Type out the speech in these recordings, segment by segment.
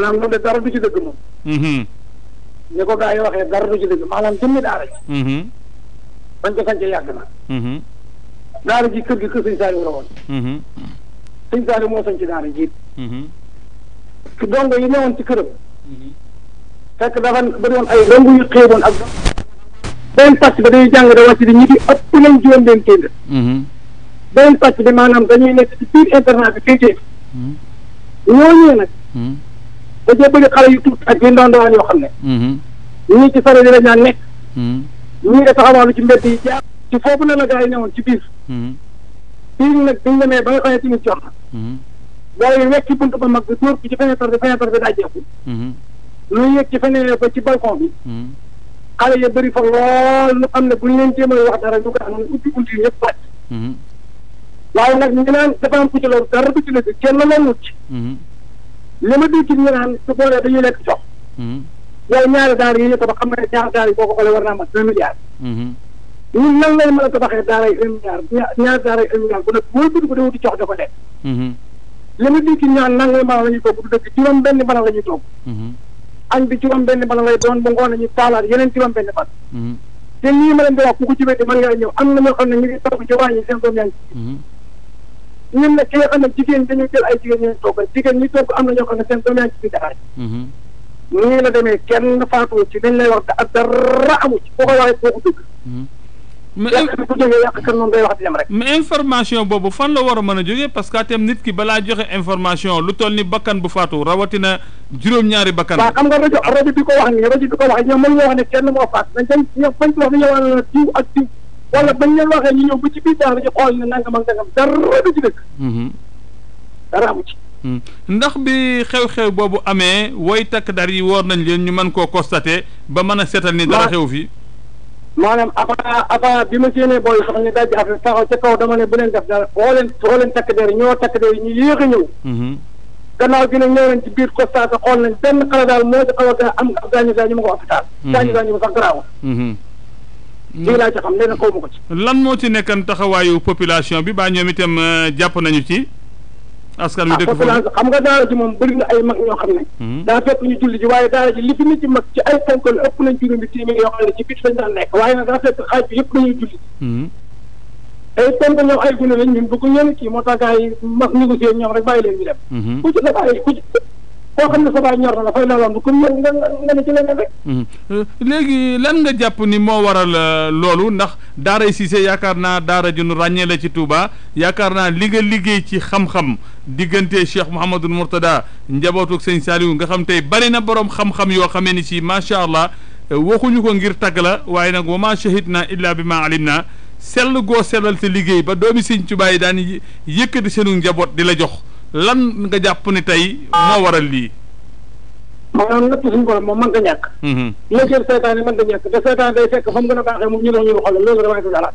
maanaam moom de dara du ci dëgg moom. Mhm. ni ko gaa yi waxee dara du ci dëgg maanaam jëmmi daara ji. Mhm. bañ ko sànqee yàgg na. Mhm. daara ji kër gi kër sëñ Saaliw la woon. sëñ Saaliw moo sànq daara ji. ki dongo yi newoon ci këram. fekk dafa bëri woon ay dongo yu xeeboon ak. beneen pàcc ba dañuy jàng da wàcc di ñi di ëpp nañ juróom leen téeméer. beneen pàcc bi maanaam dañuy nekk ci biir internat bi féetee. ñooñu dañoo bëgg xale yu tuut ak yu ndondawaan yoo xam ne. Mm-hmm. ñii ci sare di la ñaan nekk. Mm-hmm. ñii dafa xamaalu ci mbedd yi ci foofu na la gars yi newoon ci biir. Mm-hmm. fii nag bi ñu demee ba nga xam ne si ñun jot na. waaye wekk ci bunt ba mag bi dóor ko ci fenêtre bi fenêtre bi daajeeku. lu yëg ci feneen ba ci balcon bi. xale ya bëri fa lool ñu xam ne bu ñu leen jéem a wax dara ñu ko am ñu ubbi bunt yi ñëpp waaye nag ñu naan dafa am ku ci loolu dara ci la kenn loolu wut ci. li ma dégg ñu naan su boolee dañuy lekk jox. Hmm. yow ñaari daara yi ñu tabax xam nga ne ñaari daara yi boo ko xoolee war naa mat un milliard. Hmm. ñun nan lay mën a tabaxee daara yi un milliard ñaari daara yi milliard bu nekk mooy bëgg ko da wuti jox da ko lekk. Hmm. li ma dégg ñu naan nan lay mën la ñuy toog du dëgg juróom benn bana la ñuy toog. añ bi juróom ba ngoon nañu taalaat yeneen juróom benn ban. te lii ma leen di wax ku ko ci wetu mën ngaa na ñoo ñu seen doom yaa ñun nag ki nga xam ne jigéen dañuy jël ay jigéen ñuy togg jigéen ñi togg am na ci mm-hmm. nii la demee kenn faatuwu ci dañ lay wax da dara amu ci boo koy waxee boo ko dëgg mm-hmm. mais mais information boobu fan la war a mën a jógee que atam nit ki balaa joxe information lu toll ni bakkan bu faatu rawatina juróom-ñaari bakkan. waaw xam nga rajo rajo bi ko wax nii rajo bi ko wax ñoom wala bañ leen waxee ñu ñëw ba ci biir daara ji xool ne nangam ak nangam dara du ci dëkk. Mhm. Mhm. ndax bi xew-xew boobu amee woy takk dar yi woor nañ leen ñu mën koo constaté ba mën a seetal ni dara xew fii. maanaam avant avant bi ma séenee booy xam ne daj affaire taxaw ca kaw dama ne bu leen def dara woo leen woo leen takk der ñoo takk der ñu yéex a ñëw. Mhm. gannaaw gi nag ñëw nañ ci biir constaté xool nañ benn xale daal moo ci xaw a gën a am gaañu gaañu ma ko hôpital. gaañu gaañu ma sax garaawul. lii laa ci xam leneen xaw ma ko ci. lan moo ci nekkan taxawaayu population bi baa ñoom itam euh, jàpp nañu ci. askan wi ah, dëkk population xam nga daara ji moom bëri na ay mag ñoo xam ne. Hmm. daa fekk ñu julli ci waaye daara ji li fi nit ci mag ci ay ponk la ëpp nañ juróomi téeméer yoo xam ne ci biir dañ daan nekk waaye nag daa fekk xaaj bi yëpp dañuy julli. Hmm. ay ponk ñoom ay gune lañ ñun bëgg moo tax gars yi mag négocier ñoom rek bàyyi leen ñu dem. Hmm. ku ci la bàyyi ku ci koo xam ne sa baay na la fay la yomb comme yéen nga mm-hmm. euh, léegi lan nga jàpp ni moo waral euh, loolu ndax Daara Cissé yaakaar naa Daara ju nu ràññee la ci Touba yaakaar naa li nga liggéey ci xam-xam diggante Cheikh Mouhamadul Mourtada njabootu ak sëñ Saliou nga xam tey bari na borom xam-xam yoo xamee ni si macha allah euh, waxuñu ko ngir tagg la waaye nag wa maa naa illaa bi maa alim naa sell goo sellal te liggéey ba doomi sëñ Tuubaa yi daan yëkkati seenu njaboot di la jox. lan nga jàpp ni tey moo waral lii. maanaam natt suñu borom moom mën nga ñàkk. léeg-léeg seetaan yi mën nga ñàkk te seetaan day fekk fa mu gën a baaxee moom ñu doon ñu doon xoolal loolu dafay dara.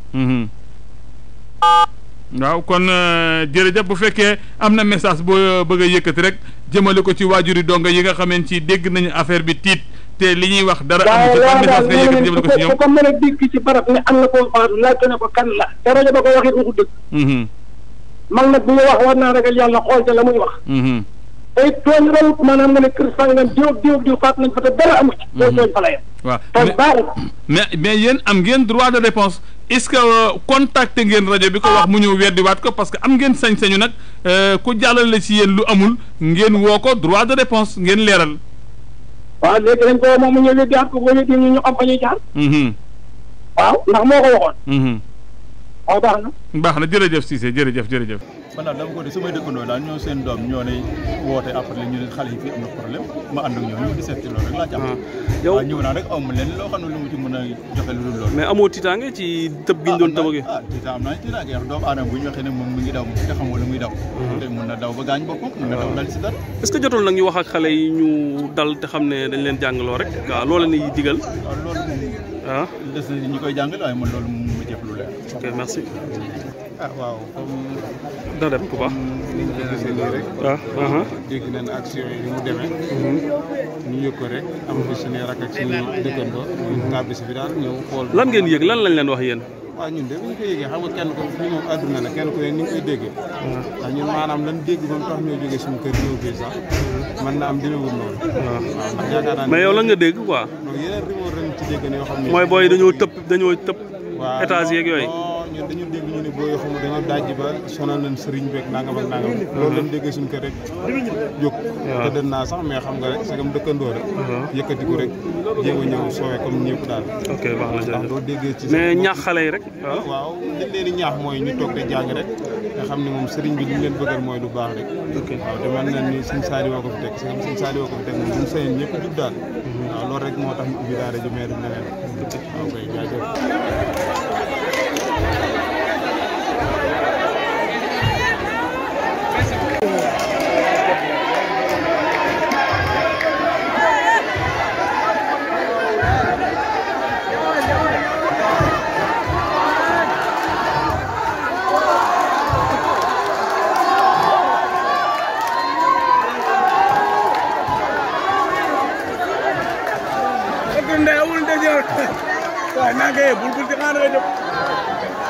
waaw kon jërëjëf bu fekkee am na message boo bëggee a yëkkati rek jëmale ko ci waajur yi donga yi nga xameen ci dégg nañu affaire bi tiit te li ñuy wax dara. am na message nga yëkkati jëmale ko ci ñoom am kan la. te rajo ba ko man nag bu ma wax war naa a yàlla xool te la muy wax. Mhm. tey tooñ rawut maanaam nga ne kër sàngam diw diw diw faat nañ fa te dara amul ci. loolu mhm. tooñ fa la yem. waaw mais mais yéen am ngeen droit de réponse est-ce que euh, contacté ngeen rajo bi ko wax ah. mu ñëw waat ko parce que am ngeen sañ-sañu nag euh, ku jàllale si yéen lu amul ngeen woo ko droit de réponse ngeen leeral. waa léegi dañ ko moom mu ñëw weddiwaat ko boo weddi ñu ñu xam fa ñuy jaar. Mhm. waaw ndax moo waaw baax na. baax na jërëjëf Cissé jërëjëf jërëjëf. man daal dama ko de samay dëkkandoo daal ñoo seen doom ñoo ne woote après ñu ne xale yi fi am na problème ma ànd ak ñoom ñu ngi seet ci loolu ah. a amoo tiitaange ci tëb gi ñu ah, doon tëbëgee. ah tiitaange am naa tiitaange ndax doomu aadama bu ñu waxee ne moom mi ngi daw te xamul lu muy daw. Mm-hmm. te mun daw ba gaañ boppam. mun na daw dal que jotoon nag ñu wax ak xale yi ñu dal te xam ne dañ leen jàngaloo rek waaw loola ni digal ah des na ñi koy jàngal waaye man loolu moom mu jëf lu leer. ok merci. ah waaw comme. da dem bu baax. niñ ko gisee nii rek. waaw. Ah, ah, ah. dégg nañ action yi ni mu demee. Mhm. ñu yëg ko rek. am na suñuy rakk ak suñu dëkkandoo. ñu tàbbi si bi daal ñëw xool. lan ngeen yëg lan lañ leen wax yéen. waaw ñun ñu ko yëgee xam nga kenn la kenn ku ne ni nga koy déggee ndax ñun lan dégg ba mu tax ñoo jógee suñu kër ñëw fii sax am dinawul noonu waaw mais yow la nga dégg quoi yeneen yoo xam ne mooy booy dañoo tëpp dañoo tëpp étage yeeg yooyu ñun dañu dégg ñu ne boo yoo xam ne dañoo dajji ba sonal nañ sëriñ beeg nangam ak nangam. loolu lañ naa sax mais xam nga rek c'est comme dëkkandoo rek. yëkkati ko rek jéem a ñëw soowee comme ñëpp daal. ok baax na jërëjëf ndax doo déggee ci. mais xale yi rek. waaw liñ leen mooy ñu toog di jàng xam ne moom sëriñ bi ñu leen bëggal mooy lu baax rek. ok waaw te man nañ ni suñ saali woo daal. Mhm. waaw loolu rek moo tax ñu ubbi daara ji meeru neneen waaw kay jaajëf bul bul ci xaar nga jóg